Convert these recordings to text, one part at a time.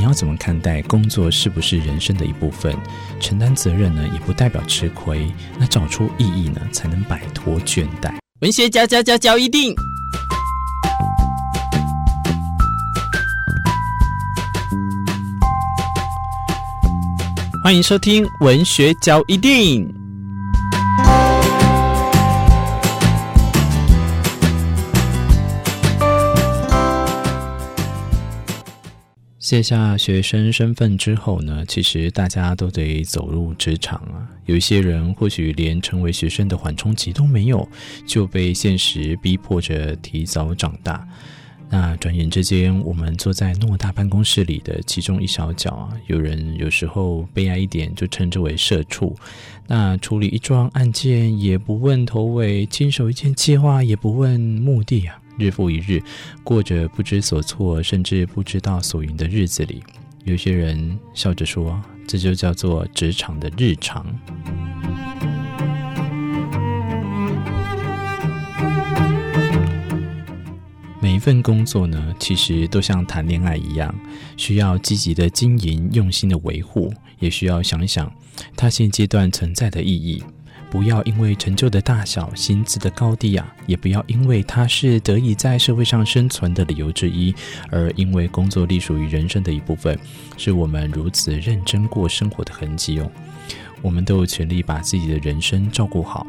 你要怎麼看待工作是不是人生的一部分？承擔責任呢，也不代表吃虧。那找出意義呢，才能擺脫倦怠。文學教教教教一定，歡迎收聽文學教一定。卸下學生身份之後呢，其實大家都得走入職場啊。有一些人或許連成為學生的緩衝期都沒有，就被現實逼迫着提早長大。那轉眼之間，我們坐在偌大辦公室裡的其中一小角啊，有人有時候悲哀一點，就稱之為社畜。那處理一樁案件也不問頭尾，經手一件計劃也不問目的啊。日復一日，過着不知所措，甚至不知道所云的日子裡，有些人笑着說：“這就叫做職場的日常。”每一份工作呢，其實都像談戀愛一樣，需要積極的經營，用心的維護，也需要想一想它現階段存在的意義。不要因為成就的大小、薪資的高低啊，也不要因為它是得以在社會上生存的理由之一，而因為工作隸屬於人生的一部分，是我們如此認真過生活的痕跡喲、哦。我們都有權利把自己的人生照顧好，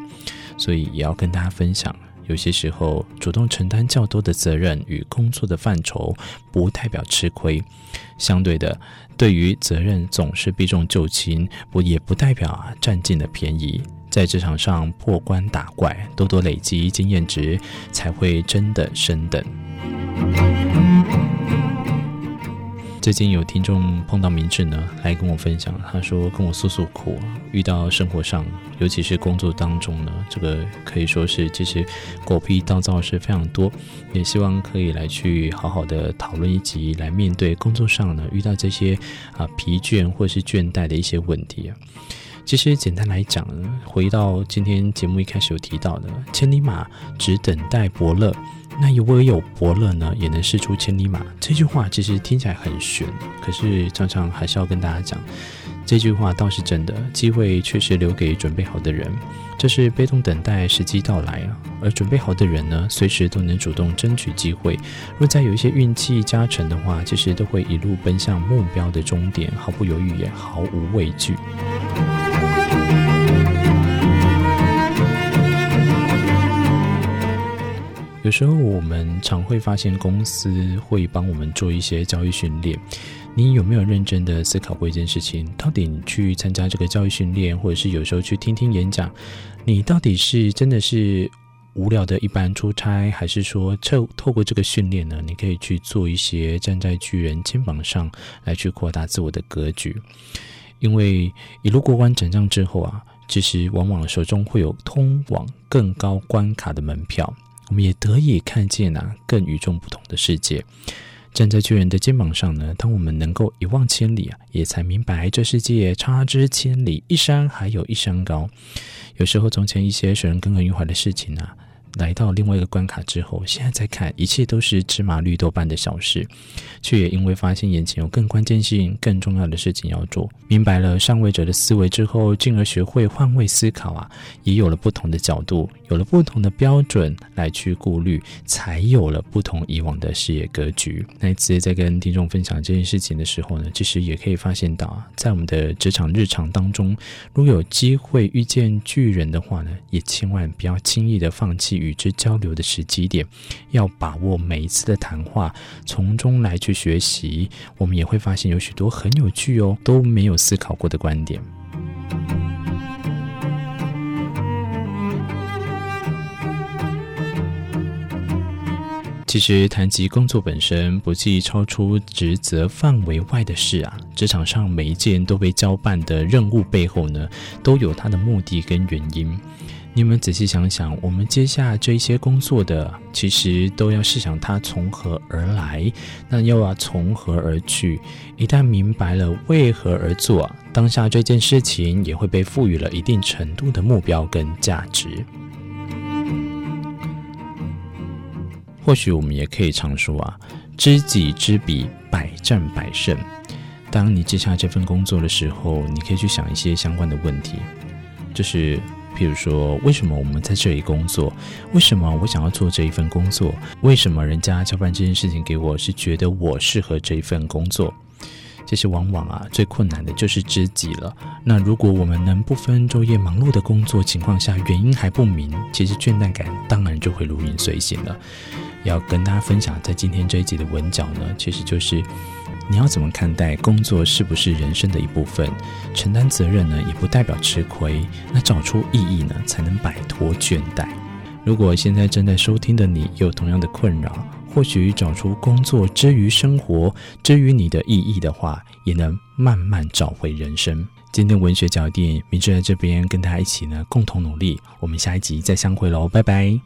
所以也要跟大家分享，有些時候主動承擔較多的責任與工作的範疇，不代表吃虧；相對的，對於責任總是避重就輕，不也不代表、啊、占盡了便宜。在職場上破關打怪，多多累積經驗值，才會真的升等。最近有聽眾碰到明智呢，來跟我分享，他說跟我訴訴苦，遇到生活上，尤其是工作當中呢，這個可以說是其實狗屁倒灶是非常多，也希望可以來去好好的討論一集，來面對工作上呢遇到這些啊疲倦或是倦怠的一些問題啊。其實簡單來講，回到今天節目一開始有提到的“千里馬只等待伯樂”，那如果有伯樂呢，也能識出千里馬。這句話其實聽起來很玄，可是常常還是要跟大家講，這句話倒是真的。機會確實留給準備好的人，這是被動等待時機到來啊。而準備好的人呢，隨時都能主動爭取機會。若再有一些運氣加成的話，其實都會一路奔向目標的終點，毫不猶豫也毫無畏懼。有時候我們常會發現，公司會幫我們做一些教育訓練。你有沒有認真的思考過一件事情？到底你去參加這個教育訓練，或者是有時候去聽聽演講，你到底是真的是無聊的一般出差，還是說透透過這個訓練呢？你可以去做一些站在巨人肩膀上來去擴大自我的格局。因為一路過關斬將之後啊，其實往往手中會有通往更高關卡的門票。我們也得以看見啊，更與眾不同的世界。站在巨人的肩膀上呢，當我們能夠一望千里啊，也才明白這世界差之千里，一山還有一山高。有時候，從前一些使人耿耿於懷的事情啊。來到另外一個關卡之後，現在再看，一切都是芝麻綠豆般的小事，卻也因為發現眼前有更關鍵性、更重要的事情要做，明白了上位者的思維之後，進而學會換位思考啊，也有了不同的角度，有了不同的標準來去顧慮，才有了不同以往的事業格局。那一次在跟聽眾分享這件事情的時候呢，其實也可以發現到啊，在我們的職場日常當中，如果有機會遇見巨人的話呢，也千萬不要輕易的放棄。與之交流的時機點，要把握每一次的談話，從中來去學習。我們也會發現有許多很有趣哦，都沒有思考過的觀點。其實，談及工作本身，不計超出職責範圍外的事啊。職場上每一件都被交辦的任務背後呢，都有它的目的跟原因。你們仔細想想，我們接下來這些工作的，其實都要試想它從何而來，那又要、啊、從何而去。一旦明白了為何而做、啊，當下這件事情也會被賦予了一定程度的目標跟價值。或許我們也可以常說啊，知己知彼，百戰百勝。當你接下這份工作的時候，你可以去想一些相關的問題，就是比如說，為什麼我們在這裡工作？為什麼我想要做這一份工作？為什麼人家交辦這件事情給我是覺得我適合這一份工作？其實往往啊最困難的就是知己了。那如果我們能不分晝夜忙碌的工作情況下，原因還不明，其實倦怠感當然就會如影隨形了。要跟大家分享，在今天這一集的文角呢，其實就是你要怎麼看待工作是不是人生的一部分？承擔責任呢，也不代表吃虧。那找出意義呢，才能擺脫倦怠。如果現在正在收聽的你也有同樣的困擾，或許找出工作之於生活、之於你的意義的話，也能慢慢找回人生。今天文學角店明智在這邊跟大家一起呢，共同努力。我們下一集再相會嘍，拜拜。